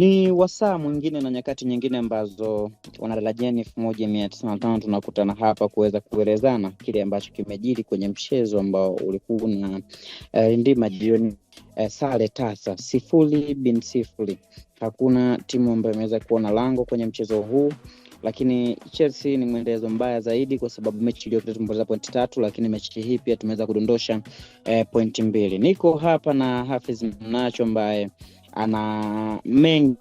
Ni wasaa mwingine na nyakati nyingine ambazo wanadala jenif moja mia tisa na tano tunakutana hapa kuweza kuelezana kile ambacho kimejiri kwenye mchezo ambao ulikuwa na uh, ndima jioni uh, eh, sare tasa sifuri bin sifuri. Hakuna timu ambayo imeweza kuona lango kwenye mchezo huu lakini Chelsea ni mwendelezo mbaya zaidi, kwa sababu mechi iliyopita tumepoteza pointi tatu, lakini mechi hii pia tumeweza kudondosha eh, pointi mbili. Niko hapa na Hafiz Mnacho ambaye ana mengi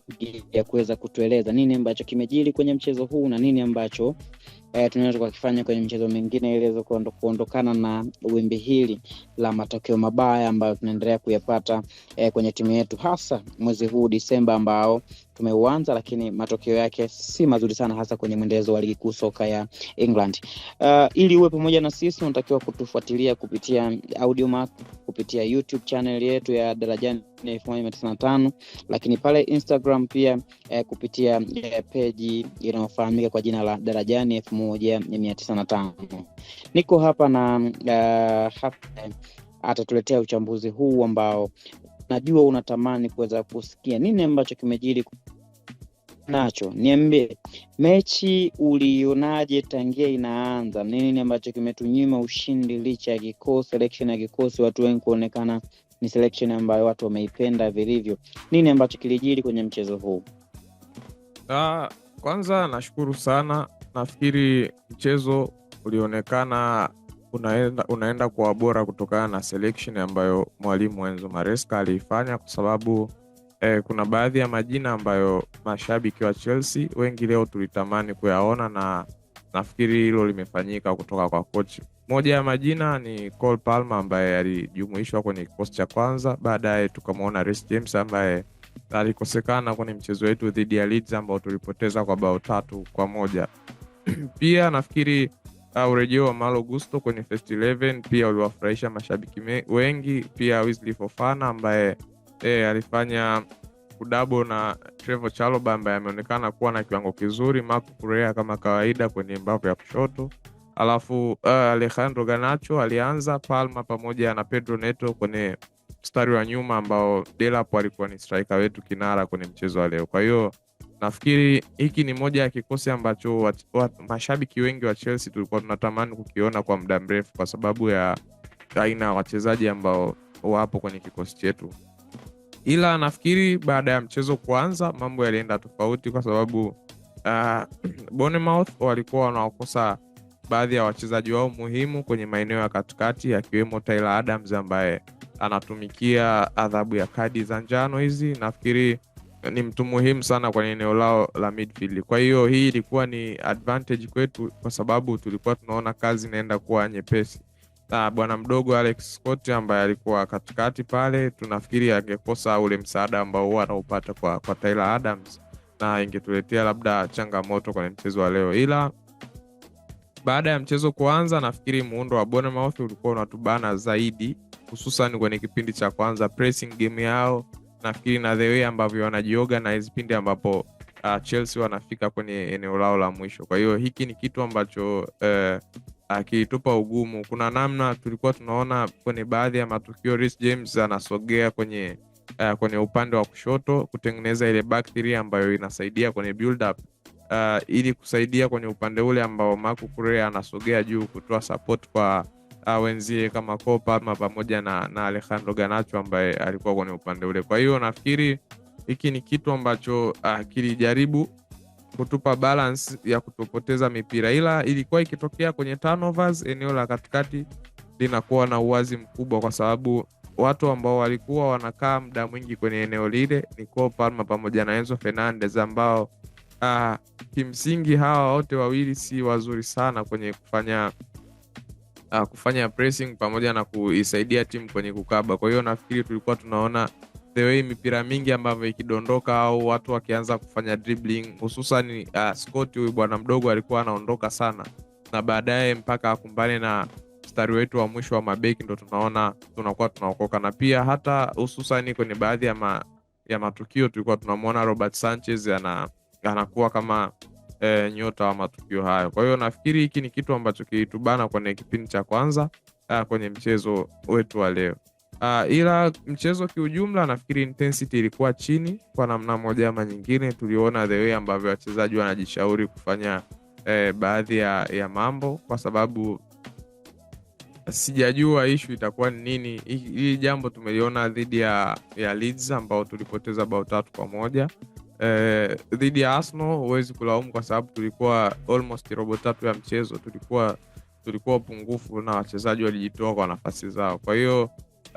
ya kuweza kutueleza nini ambacho kimejiri kwenye mchezo huu na nini ambacho eh, tunaweza kukifanya kwenye mchezo mingine ili kuondokana na wimbi hili la matokeo mabaya ambayo tunaendelea kuyapata eh, kwenye timu yetu hasa mwezi huu Disemba ambao tumeuanza, lakini matokeo yake si mazuri sana, hasa kwenye mwendelezo wa ligi kuu soka ya England. Uh, ili uwe pamoja na sisi, unatakiwa kutufuatilia kupitia audio Audiomack, kupitia YouTube channel yetu ya Darajani elfu na tano lakini pale Instagram pia eh, kupitia eh, peji inayofahamika kwa jina la Darajani elfu moja mia Niko hapa na uh, hapa eh, atatuletea uchambuzi huu ambao najua unatamani kuweza kusikia nini ambacho kimejiri nacho. Niambie, mechi ulionaje tangia inaanza? Nini ambacho kimetunyima ushindi licha ya kikosi, selection ya kikosi, watu wengi kuonekana ni selection ambayo watu wameipenda vilivyo? Nini ambacho kilijiri kwenye mchezo huu? uh, kwanza nashukuru sana. Nafikiri mchezo ulionekana unaenda, unaenda kuwa bora kutokana na selection ambayo mwalimu Enzo Maresca aliifanya kwa sababu eh, kuna baadhi ya majina ambayo mashabiki wa Chelsea wengi leo tulitamani kuyaona na nafikiri hilo limefanyika kutoka kwa kochi Moja ya majina ni Cole Palmer ambaye alijumuishwa kwenye kikosi cha kwanza, baadaye tukamwona James ambaye alikosekana kwenye mchezo wetu dhidi ya Leeds ambao tulipoteza kwa bao tatu kwa moja. Pia nafikiri uh, urejeo wa Malo Gusto kwenye first 11 pia uliwafurahisha mashabiki wengi, pia Wesley Fofana ambaye e, alifanya kudabo na Trevoh Chalobah ambaye ameonekana kuwa na kiwango kizuri. Marc Curea kama kawaida kwenye mbavu ya kushoto, alafu uh, Alejandro Garnacho alianza. Palma pamoja na Pedro Neto kwenye mstari wa nyuma, ambao Delapo alikuwa ni striker wetu kinara kwenye mchezo wa leo. Kwa hiyo nafikiri hiki ni moja ya kikosi ambacho wat, wat, mashabiki wengi wa Chelsea tulikuwa tunatamani kukiona kwa muda mrefu, kwa sababu ya aina ya wachezaji ambao wapo kwenye kikosi chetu ila nafikiri baada ya mchezo kuanza mambo yalienda tofauti, kwa sababu uh, walikuwa wanaokosa baadhi ya wachezaji wao muhimu kwenye maeneo ya katikati, akiwemo Adams ambaye anatumikia adhabu ya kadi za njano hizi. Nafikiri ni mtu muhimu sana kwenye eneo lao la midfield. Kwa hiyo hii ilikuwa ni advantage kwetu, kwa sababu tulikuwa tunaona kazi inaenda kuwa nyepesi uh, bwana mdogo Alex Scott ambaye alikuwa katikati pale, tunafikiri angekosa ule msaada ambao huwa anaupata kwa, kwa Tyler Adams na ingetuletea labda changamoto kwenye mchezo wa leo, ila baada ya mchezo kuanza, nafikiri muundo wa Bournemouth ulikuwa unatubana zaidi, hususan kwenye kipindi cha kwanza, pressing game yao nafikiri na the way ambavyo wanajioga na hizi pindi ambapo uh, Chelsea wanafika kwenye eneo lao la mwisho. Kwa hiyo hiki ni kitu ambacho uh, akitupa ugumu. Kuna namna tulikuwa tunaona kwenye baadhi ya matukio Reece James anasogea kwenye uh, kwenye upande wa kushoto kutengeneza ile back three ambayo inasaidia kwenye build up uh, ili kusaidia kwenye upande ule ambao Marco Correa anasogea juu kutoa support kwa uh, wenzie kama Kopa pamoja na, na Alejandro Garnacho ambaye alikuwa kwenye upande ule. Kwa hiyo nafikiri hiki ni kitu ambacho uh, kilijaribu kutupa balance ya kutopoteza mipira, ila ilikuwa ikitokea kwenye turnovers, eneo la katikati linakuwa na uwazi mkubwa, kwa sababu watu ambao walikuwa wanakaa muda mwingi kwenye eneo lile ni Cole Palmer pamoja na Enzo Fernandez ambao uh, kimsingi hawa wote wawili si wazuri sana kwenye kufanya uh, kufanya pressing pamoja na kuisaidia timu kwenye kukaba. Kwa hiyo nafikiri tulikuwa tunaona the way mipira mingi ambavyo ikidondoka au watu wakianza kufanya dribbling hususan uh, Scott huyu bwana mdogo alikuwa anaondoka sana na baadaye mpaka akumbane na mstari wetu wa mwisho wa mabeki ndo tunaona tunakuwa tunaokoka na pia hata hususani kwenye baadhi ya, ma, ya matukio tulikuwa tunamwona Robert Sanchez ana, anakuwa kama e, nyota wa matukio hayo. Kwa hiyo nafikiri hiki ni kitu ambacho kilitubana kwenye kipindi cha kwanza uh, kwenye mchezo wetu wa leo. Uh, ila mchezo kiujumla, nafikiri intensity ilikuwa chini kwa namna moja ama nyingine. Tuliona the way ambavyo wachezaji wanajishauri kufanya eh, baadhi ya, ya mambo, kwa sababu sijajua ishu itakuwa ni nini. Hili jambo tumeliona dhidi ya, ya Leeds ambao tulipoteza bao tatu kwa moja eh, dhidi ya Arsenal huwezi kulaumu kwa sababu tulikuwa almost robo tatu ya mchezo tulikuwa tulikuwa pungufu na wachezaji walijitoa kwa nafasi zao, kwa hiyo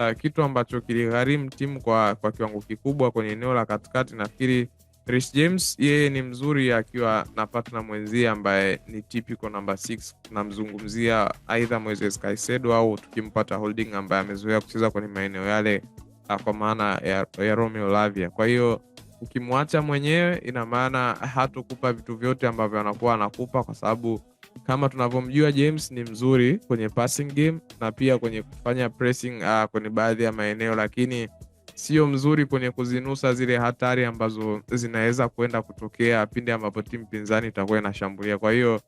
uh, kitu ambacho kiligharimu timu kwa, kwa kiwango kikubwa kwenye eneo la katikati. Nafikiri Reece James yeye ni mzuri akiwa na patna mwenzie ambaye ni typical namba 6. namzungumzia aidha Moises Caicedo au tukimpata Holding ambaye amezoea kucheza kwenye maeneo yale, uh, kwa maana ya, ya Romeo Lavia. Kwa hiyo ukimwacha mwenyewe, ina maana hatokupa vitu vyote ambavyo anakuwa anakupa kwa sababu kama tunavyomjua James ni mzuri kwenye passing game na pia kwenye kufanya pressing uh, kwenye baadhi ya maeneo, lakini sio mzuri kwenye kuzinusa zile hatari ambazo zinaweza kuenda kutokea pindi ambapo timu pinzani itakuwa inashambulia. Kwa hiyo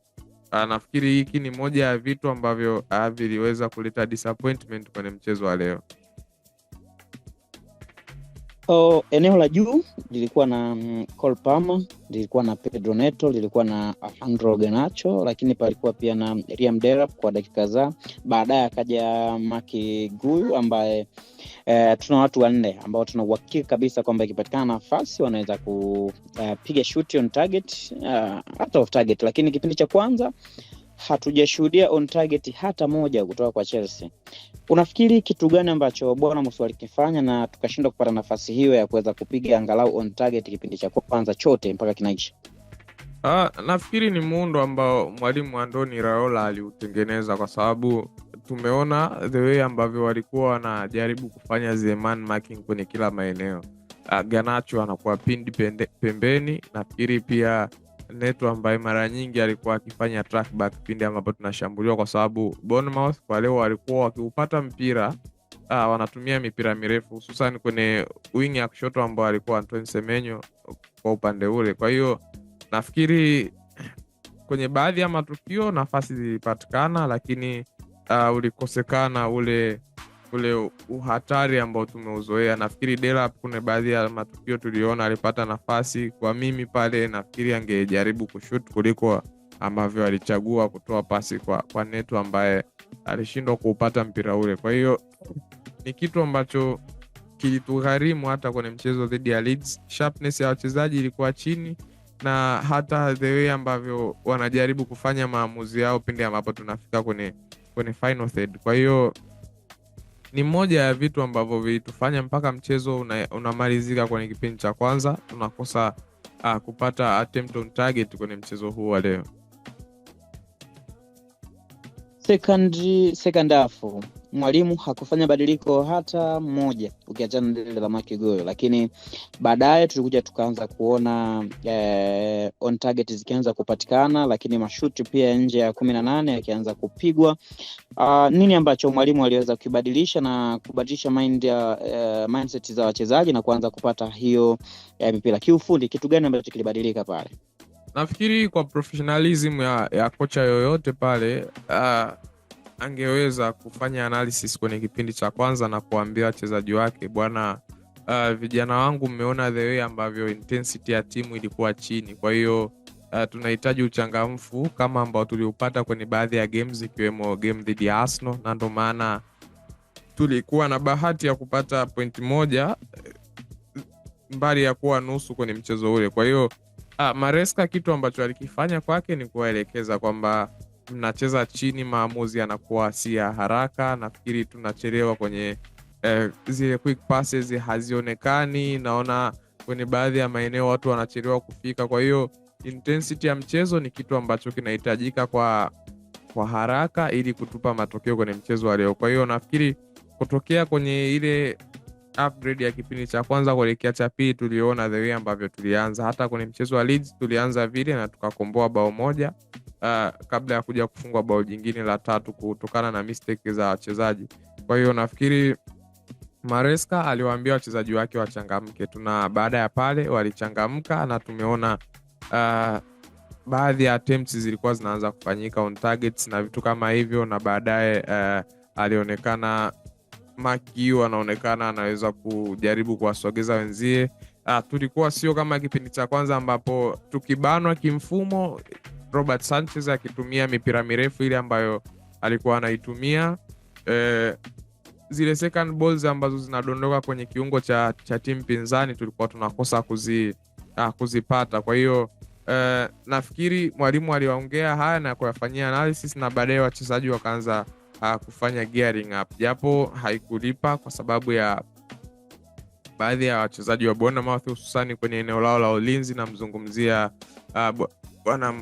uh, nafikiri hiki ni moja ya vitu ambavyo uh, viliweza kuleta disappointment kwenye mchezo wa leo. Oh, eneo la juu lilikuwa na mm, Cole Palmer, lilikuwa na Pedro Neto, lilikuwa na Alejandro Garnacho, lakini palikuwa pia na Liam Delap kwa dakika kadhaa. Baadaye akaja Maki Guyu ambaye eh, tuna watu wanne ambao tuna uhakika kabisa kwamba ikipatikana nafasi wanaweza kupiga eh, uh, shoot on target, uh, eh, hata off target, lakini kipindi cha kwanza hatujashuhudia on target hata moja kutoka kwa Chelsea. Unafikiri kitu gani ambacho bwana Bournemouth alikifanya na tukashindwa kupata nafasi hiyo ya kuweza kupiga angalau on target kipindi cha kwanza chote mpaka kinaisha? Ah, nafikiri ni muundo ambao mwalimu Andoni raola aliutengeneza kwa sababu tumeona the way ambavyo walikuwa wanajaribu kufanya marking kwenye kila maeneo. ah, Ganacho anakuwa pindi pembeni. Nafikiri pia Neto ambaye mara nyingi alikuwa akifanya trackback pindi ambapo tunashambuliwa, kwa sababu Bournemouth kwa leo walikuwa wakiupata mpira uh, wanatumia mipira mirefu hususan kwenye wing ya kushoto ambao alikuwa Antoine Semenyo kwa upande ule. Kwa hiyo nafikiri kwenye baadhi ya matukio nafasi zilipatikana, lakini uh, ulikosekana ule ule uhatari ambao tumeuzoea. Nafikiri Delap, kuna baadhi ya matukio tuliona alipata nafasi, kwa mimi pale nafikiri angejaribu kushut kuliko ambavyo alichagua kutoa pasi kwa, kwa Neto ambaye alishindwa kuupata mpira ule. Kwa hiyo ni kitu ambacho kilitugharimu hata kwenye mchezo dhidi ya Leeds. Sharpness ya wachezaji ilikuwa chini na hata the way ambavyo wanajaribu kufanya maamuzi yao pindi ambapo tunafika kwenye kwenye final third. Kwa hiyo ni moja ya vitu ambavyo vilitufanya mpaka mchezo una, unamalizika kwenye kipindi cha kwanza tunakosa uh, ah, kupata attempt on target kwenye mchezo huu wa leo second second half mwalimu hakufanya badiliko hata moja ukiachana na lile la Makigolo, lakini baadaye tulikuja tukaanza kuona eh, on target zikianza kupatikana, lakini mashuti pia nje ya kumi na nane yakianza kupigwa. Uh, nini ambacho mwalimu aliweza kukibadilisha na kubadilisha mind ya, uh, mindset za wachezaji na kuanza kupata hiyo eh, mipira kiufundi, kitu gani ambacho kilibadilika pale? Nafikiri kwa professionalism ya, ya kocha yoyote pale uh, angeweza kufanya analysis kwenye kipindi cha kwanza na kuambia wachezaji wake bwana, uh, vijana wangu, mmeona the way ambavyo intensity ya timu ilikuwa chini, kwa hiyo uh, tunahitaji uchangamfu kama ambao tuliupata kwenye baadhi ya games ikiwemo game dhidi ya Arsenal, na ndo maana tulikuwa na bahati ya kupata point moja mbali ya kuwa nusu kwenye mchezo ule. Kwa hiyo ah, Maresca kitu ambacho alikifanya kwake ni kuwaelekeza kwamba mnacheza chini, maamuzi yanakuwa si ya haraka. Nafikiri tunachelewa kwenye eh, zile quick passes hazionekani. Naona kwenye baadhi ya maeneo watu wanachelewa kufika, kwa hiyo intensity ya mchezo ni kitu ambacho kinahitajika kwa kwa haraka ili kutupa matokeo kwenye mchezo wa leo. Kwa hiyo nafikiri kutokea kwenye ile upgrade ya kipindi cha kwanza kuelekea cha pili, tuliona the way ambavyo tulianza. Hata kwenye mchezo wa Leeds tulianza vile na tukakomboa bao moja, uh, kabla ya kuja kufungwa bao jingine la tatu kutokana na mistake za wachezaji. Kwa hiyo nafikiri Maresca aliwaambia wachezaji wake wachangamke tu, na baada ya pale walichangamka na tumeona uh, baadhi ya attempts zilikuwa zinaanza kufanyika on targets na vitu kama hivyo, na baadaye uh, alionekana Makiu anaonekana anaweza kujaribu kuwasogeza wenzie. Uh, tulikuwa sio kama kipindi cha kwanza ambapo tukibanwa kimfumo Robert Sanchez akitumia mipira mirefu ile ambayo alikuwa anaitumia eh, zile second balls ambazo zinadondoka kwenye kiungo cha, cha timu pinzani tulikuwa tunakosa kuzi, ah, kuzipata. Kwa hiyo eh, nafikiri mwalimu aliwaongea haya na kuyafanyia analysis na baadaye wachezaji wakaanza ah, kufanya gearing up, japo haikulipa kwa sababu ya baadhi ya wachezaji wa Bournemouth hususani kwenye eneo lao la ulinzi. Namzungumzia ah, bwana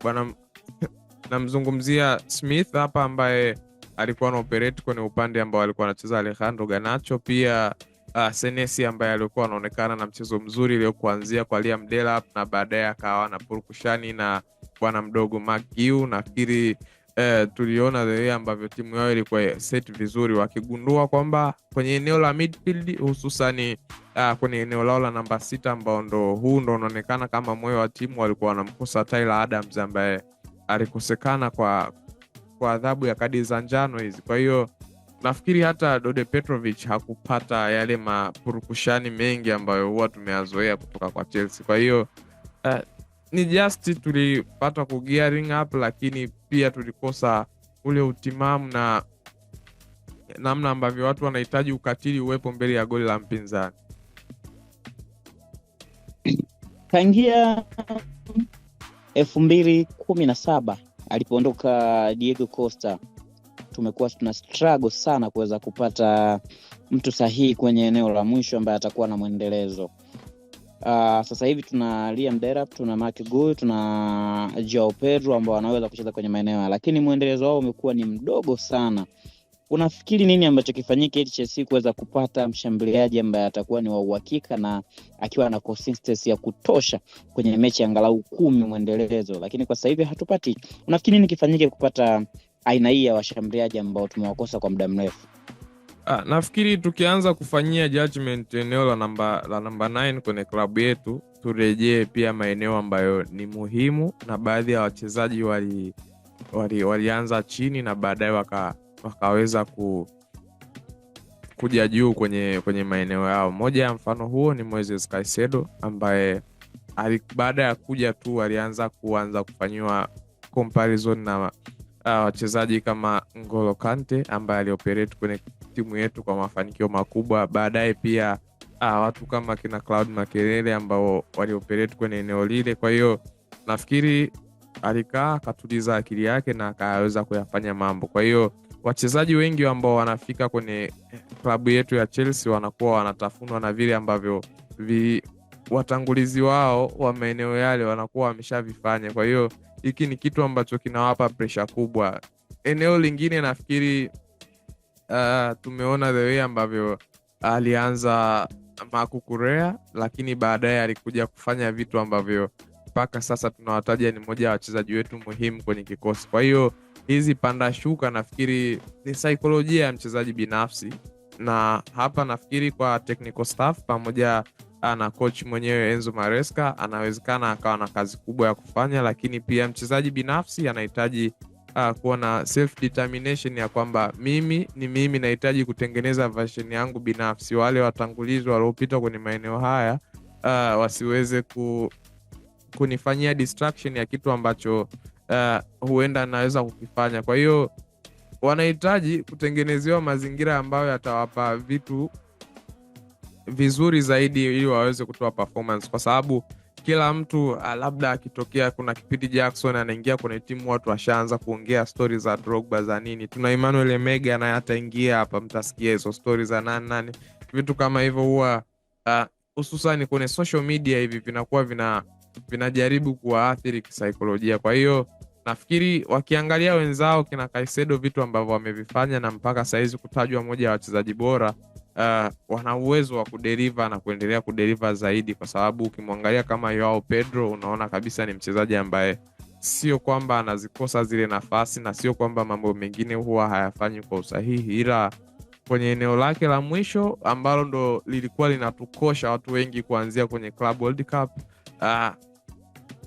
bwana namzungumzia Smith hapa ambaye alikuwa na operate kwenye upande ambao alikuwa anacheza Alejandro Ganacho, pia uh, Senesi ambaye alikuwa anaonekana na mchezo mzuri iliyokuanzia kwa Liam Delap na baadaye akawa na purukushani na bwana mdogo Mark Giu. Nafikiri eh, tuliona the way ambavyo timu yao ilikuwa set vizuri, wakigundua kwamba kwenye eneo la midfield hususani uh, kwenye eneo lao la namba sita, ambao ndo huu ndo unaonekana kama moyo wa timu, walikuwa wanamkosa Tyler Adams ambaye alikosekana kwa kwa adhabu ya kadi za njano hizi. Kwa hiyo nafikiri hata Dode Petrovic hakupata yale mapurukushani mengi ambayo huwa tumeyazoea kutoka kwa Chelsea. Kwa hiyo uh, ni just tulipata ku gearing up, lakini pia tulikosa ule utimamu na namna ambavyo watu wanahitaji ukatili uwepo mbele ya goli la mpinzani. Tangia elfu mbili kumi na saba alipoondoka Diego Costa, tumekuwa tuna struggle sana kuweza kupata mtu sahihi kwenye eneo la mwisho ambaye atakuwa na mwendelezo Uh, sasa hivi tuna Liam Delap, tuna Mark Gui, tuna Joao Pedro ambao wanaweza kucheza kwenye maeneo haya, lakini mwendelezo wao umekuwa ni mdogo sana. Unafikiri nini ambacho kifanyike ili Chelsea kuweza kupata mshambuliaji ambaye atakuwa ni wa uhakika na akiwa na consistency ya kutosha kwenye mechi angalau kumi mwendelezo? Lakini kwa sasa hivi hatupati. Unafikiri nini kifanyike kupata aina hii ya washambuliaji ambao tumewakosa kwa muda mrefu? Ah, nafikiri tukianza kufanyia judgment eneo la namba la namba 9 kwenye klabu yetu, turejee pia maeneo ambayo ni muhimu na baadhi ya wachezaji wali, wali, walianza chini na baadaye waka, wakaweza ku, kuja juu kwenye, kwenye maeneo yao. Moja ya mfano huo ni Moses Caicedo ambaye baada ya kuja tu alianza kuanza kufanyiwa comparison na Ah, wachezaji kama Ngolo Kante ambaye alioperate kwenye timu yetu kwa mafanikio makubwa. Baadaye pia uh, watu kama kina Cloud Makelele ambao walioperate kwenye eneo lile. Kwa hiyo nafikiri alikaa akatuliza akili yake na akaweza kuyafanya mambo. Kwa hiyo wachezaji wengi ambao wanafika kwenye eh, klabu yetu ya Chelsea wanakuwa wanatafunwa na vile ambavyo vi watangulizi wao wa maeneo yale wanakuwa wameshavifanya. Kwa hiyo hiki ni kitu ambacho kinawapa presha kubwa. Eneo lingine nafikiri uh, tumeona the way ambavyo alianza makukurea lakini baadaye alikuja kufanya vitu ambavyo mpaka sasa tunawataja ni moja ya wachezaji wetu muhimu kwenye kikosi. Kwa hiyo hizi panda shuka nafikiri ni saikolojia ya mchezaji binafsi, na hapa nafikiri kwa technical staff pamoja na coach mwenyewe Enzo Maresca, anawezekana akawa na kazi kubwa ya kufanya, lakini pia mchezaji binafsi anahitaji uh, kuwa na self determination ya kwamba mimi ni mimi, nahitaji kutengeneza version yangu binafsi. Wale watangulizi waliopita kwenye maeneo haya uh, wasiweze ku, kunifanyia distraction ya kitu ambacho uh, huenda naweza kukifanya. Kwa hiyo wanahitaji kutengenezewa mazingira ambayo yatawapa vitu vizuri zaidi ili waweze kutoa performance, kwa sababu kila mtu uh, labda akitokea kuna kipindi Jackson anaingia kwenye timu, watu washaanza kuongea stori za Drogba za nini, tuna Emmanuel mega naye ataingia hapa, mtasikia hizo stori za nani nani, vitu kama hivyo huwa ah, hususan uh, kwenye social media hivi vinakuwa vina vinajaribu kuwaathiri kisaikolojia. Kwa hiyo nafikiri wakiangalia wenzao kina Kaisedo, vitu ambavyo wamevifanya na mpaka sahizi kutajwa moja ya wachezaji bora uh, wana uwezo wa kuderiva na kuendelea kuderiva zaidi, kwa sababu ukimwangalia kama Joao Pedro unaona kabisa ni mchezaji ambaye sio kwamba anazikosa zile nafasi na sio kwamba mambo mengine huwa hayafanyi kwa usahihi, ila kwenye eneo lake la mwisho ambalo ndo lilikuwa linatukosha watu wengi kuanzia kwenye Club World Cup uh,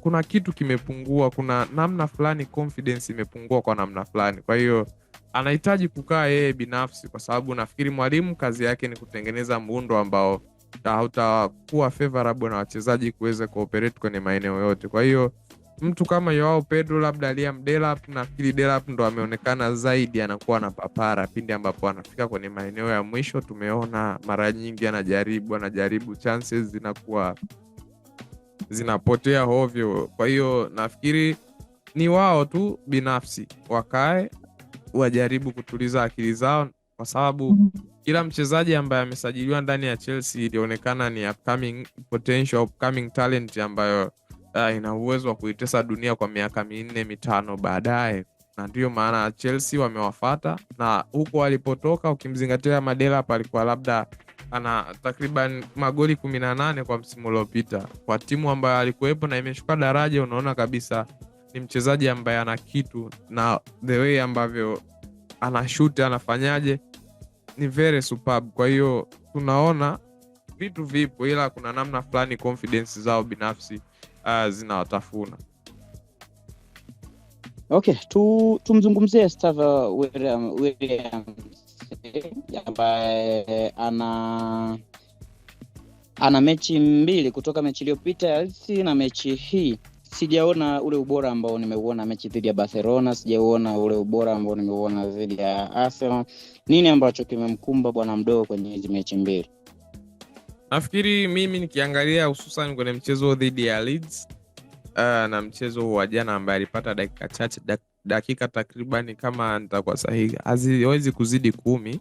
kuna kitu kimepungua, kuna namna fulani confidence imepungua kwa namna fulani, kwa hiyo anahitaji kukaa yeye binafsi, kwa sababu nafikiri mwalimu kazi yake ni kutengeneza muundo ambao utakuwa favorable na wachezaji kuweza kuoperate kwenye maeneo yote. Kwa hiyo mtu kama yoao Pedro labda Liam Delap, nafikiri Delap ndo ameonekana zaidi anakuwa na papara pindi ambapo anafika kwenye maeneo ya mwisho. Tumeona mara nyingi anajaribu anajaribu, chances zinakuwa zinapotea hovyo. Kwa hiyo nafikiri ni wao tu binafsi wakae wajaribu kutuliza akili zao, kwa sababu mhm. kila mchezaji ambaye amesajiliwa ndani ya Chelsea ilionekana ni upcoming potential, upcoming talent ambayo uh, ina uwezo wa kuitesa dunia kwa miaka minne mitano baadaye, na ndiyo maana Chelsea wamewafata, na huko walipotoka, ukimzingatia Madela alikuwa labda ana takriban magoli kumi na nane kwa msimu uliopita kwa timu ambayo alikuwepo na imeshuka daraja. Unaona kabisa ni mchezaji ambaye ana kitu na the way ambavyo anashuti anafanyaje ni very superb. Kwa hiyo tunaona vitu vipo, ila kuna namna fulani confidence zao binafsi uh, zinawatafuna. Okay, tu tumzungumzie ambaye ana ana mechi mbili kutoka mechi iliyopita ya na mechi hii sijaona ule ubora ambao nimeuona mechi dhidi ya barcelona sijauona ule ubora ambao nimeuona dhidi ya arsenal nini ambacho kimemkumba bwana mdogo kwenye hizi mechi mbili nafikiri mimi nikiangalia hususan kwenye mchezo dhidi ya Leeds, uh, na mchezo wa jana ambaye alipata dakika chache dak, dakika takribani kama nitakuwa sahihi haziwezi kuzidi kumi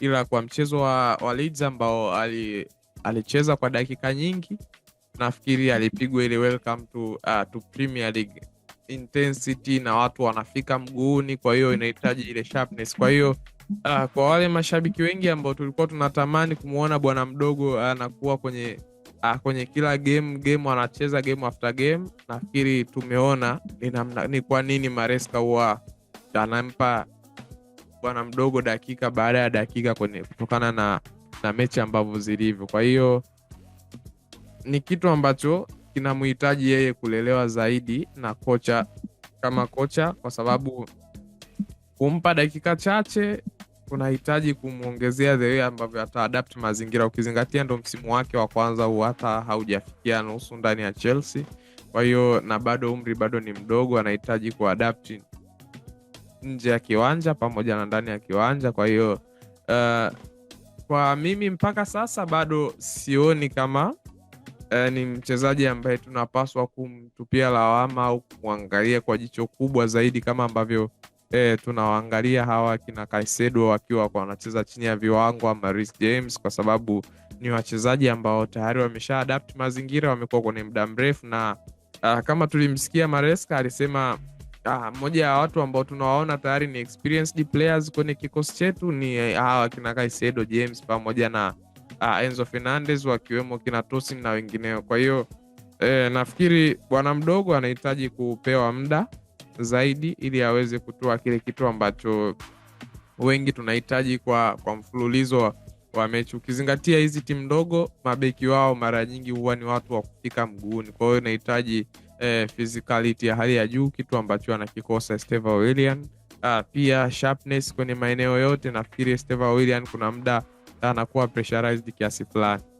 ila kwa mchezo wa, wa Leeds ambao alicheza ali kwa dakika nyingi nafikiri alipigwa ile welcome to, uh, to Premier League intensity na watu wanafika mguuni, kwa hiyo inahitaji ile sharpness. Kwa hiyo uh, kwa wale mashabiki wengi ambao tulikuwa tunatamani kumwona bwana mdogo uh, anakuwa uh, kwenye uh, kwenye kila game game anacheza game after game, nafikiri tumeona ni, namna, ni kwa nini Maresca huwa anampa bwana mdogo dakika baada ya dakika kwenye kutokana na, na mechi ambavyo zilivyo, kwa hiyo ni kitu ambacho kinamhitaji yeye kulelewa zaidi na kocha kama kocha, kwa sababu kumpa dakika chache unahitaji kumwongezea the way ambavyo ataadapt mazingira, ukizingatia ndo msimu wake wa kwanza huu, hata haujafikia nusu ndani ya Chelsea. Kwa hiyo na bado umri bado ni mdogo, anahitaji ku nje ya kiwanja pamoja na ndani ya kiwanja. Kwa hiyo uh, kwa mimi mpaka sasa bado sioni kama eh, ni mchezaji ambaye tunapaswa kumtupia lawama au kumwangalia kwa jicho kubwa zaidi kama ambavyo eh, tunawaangalia hawa kina Kaisedo wakiwa wanacheza chini ya viwango ama Reece James, kwa sababu ni wachezaji ambao tayari wamesha adapt mazingira, wamekuwa kwenye muda mrefu na uh, kama tulimsikia Maresca alisema mmoja ah, ya watu ambao tunawaona tayari ni experienced players kwenye kikosi chetu ni eh, hawa kina Kaisedo, James pamoja na uh, Enzo Fernandez wakiwemo kina Tosin na wengineo. Kwa hiyo eh, nafikiri bwana mdogo anahitaji kupewa muda zaidi ili aweze kutoa kile kitu ambacho wengi tunahitaji kwa, kwa mfululizo wa mechi. Ukizingatia hizi timu ndogo, mabeki wao mara nyingi huwa ni watu wa kufika mguuni, kwa hiyo inahitaji eh, physicality ya hali ya juu, kitu ambacho anakikosa Steva Willian. Uh, pia sharpness kwenye maeneo yote. Nafikiri Steva Willian kuna muda anakuwa pressurized kiasi fulani.